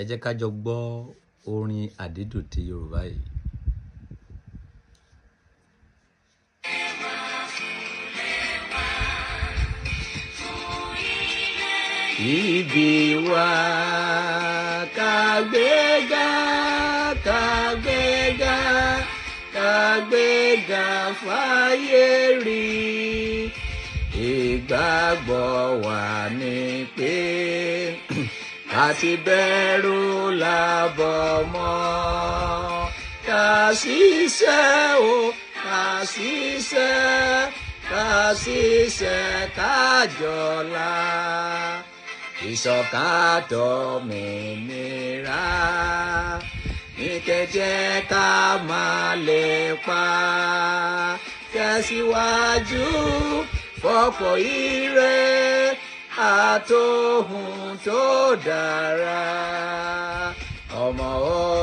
ẹ jẹ́ ká jọ gbọ́ orin àdídùn ti Yorùbá yìí. Ibi wa kàgbéga kàgbéga kàgbéga fáyé rí ìgbàgbọ́ wa ni pé àti bẹ̀rù làbọ̀ mọ́. Ká ṣiṣẹ́ o, ká ṣiṣẹ́, ká ṣiṣẹ́ kájọ̀la. Ìṣọ̀kadọ̀ mi nira, ìkẹjẹ́ ká máa lè pa. Tẹ̀síwájú fọ́pọ̀ ire àtòhun tó dára ọmọ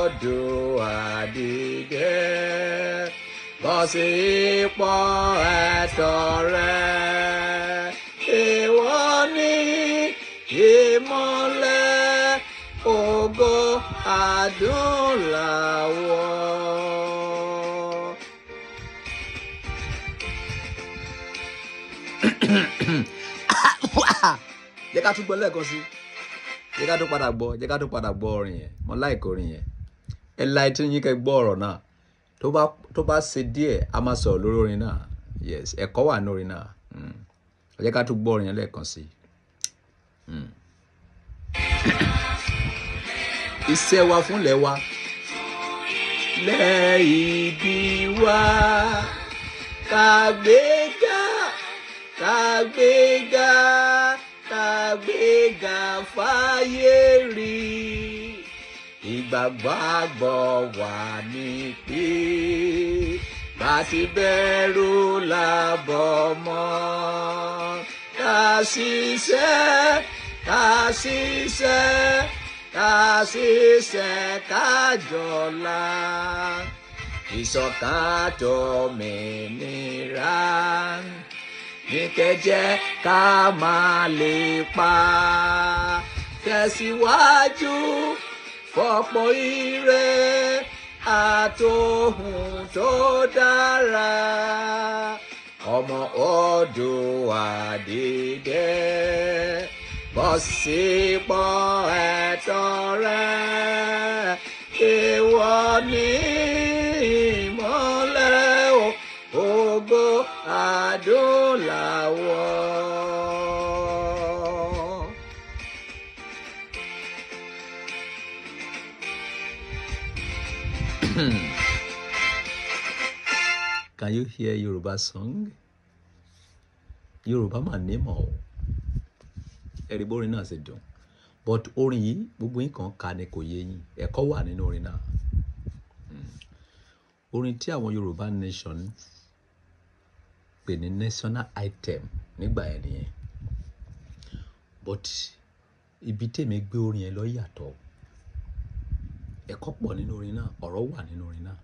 odò àdìgẹ́ bọ́ sí ipò ẹ̀tọ́ rẹ̀ ìwọ ni ìmọ́lẹ̀ ògo adúláwọ̀ jẹ́ ká tún gbọ́ lẹ́ẹ̀kan sí jẹ́ ká tún padà gbọ́ jẹ́ ká tún padà gbọ́ orin yẹn mo like orin yẹn ẹ la etí yín kẹ́ gbọ́ ọ̀rọ̀ náà tó bá tó bá ṣe díẹ̀ a máa sọ̀rọ̀ lórí orin náà yes ẹ̀kọ́ wà ní orin náà hmm. jẹ́ ká tún gbọ́ orin yẹn lẹ́ẹ̀kan sí. Hmm. iṣẹ́ wa fúnlẹ̀ wa lẹ́ ìdí wa kàgbéga kàgbéga fàyè rí ìgbàgbọ́ wà ní pé bá ti bẹ̀rù làbọ̀ mọ́ ká ṣiṣẹ́ ká ṣiṣẹ́ ká ṣiṣẹ́ ká jọlá ìṣọ̀kan tòmìnira ní kẹjẹ ká máa lè pa tẹ̀síwájú fọ̀pọ̀ ire àtòhùn tó dára ọmọ Oòduà dìde bọ́ sípò ẹ̀tọ́ rẹ ìwọ ni ìmọ́lẹ̀ Ogo adúláwọ̀. Hmm. Can you hear Yoruba song? Yorùbá mà nímọ̀ o ẹ̀rí bórin náà ṣe dùn but orin yìí gbogbo yín kan ka ni kò yé yín ẹ̀kọ́ wà nínú orin náà hmm. orin tí àwọn Yorùbá nation pè ní national item nígbà yẹn nìyẹn but ibi tèmi gbé orin yẹn lọ yàtọ̀ ẹ̀kọ́ pọ̀ nínú orin náà ọ̀rọ̀ wà nínú orin náà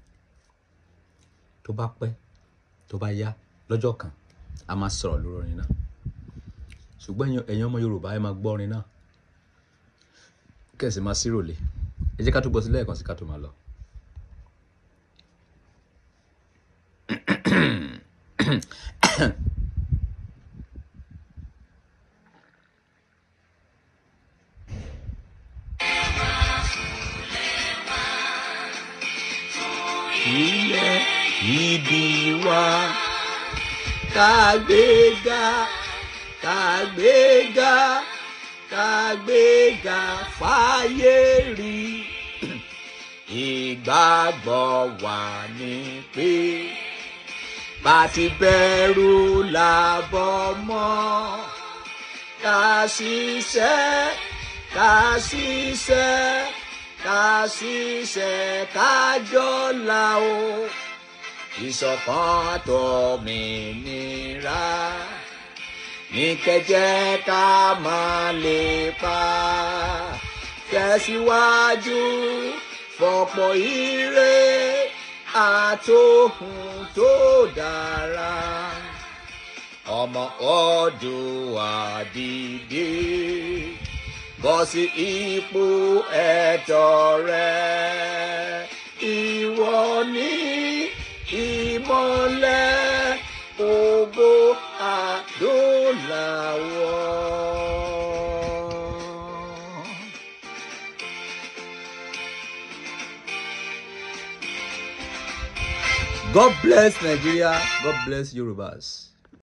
tó bá pẹ́ tó bá yá lọ́jọ́ kan a máa sọ̀rọ̀ lórí orin náà ṣùgbọ́n ẹ̀yin ọmọ Yorùbá ẹ máa gbọ́ orin náà kẹ̀sì máa síròlé ẹ jẹ́ ká tó gbọ́ sí lẹ́ẹ̀kan sí ká tó máa lọ. Ahem. sílẹ̀ níbí wa. Kàgbéga kàgbéga kàgbéga fáyé rí. Ìgbàgbọ́ wa ni pé bàtí bẹ̀rù làbọ̀ mọ́. Ká ṣiṣẹ́ ká ṣiṣẹ́ ká ṣiṣẹ́ kájọ́lá o ìṣọ̀kan tòmìnira ní kẹjẹ ká máa lè pa tẹ̀síwájú fọ̀pọ̀ ire àtòhùn tó dára ọmọ Oòduà dìde bọ́ sí ipò ẹ̀tọ́ rẹ ìwọ ni ìmọ́lẹ̀ ògo àdóòlàwọ̀. God bless Nigeria. God bless Yorubas.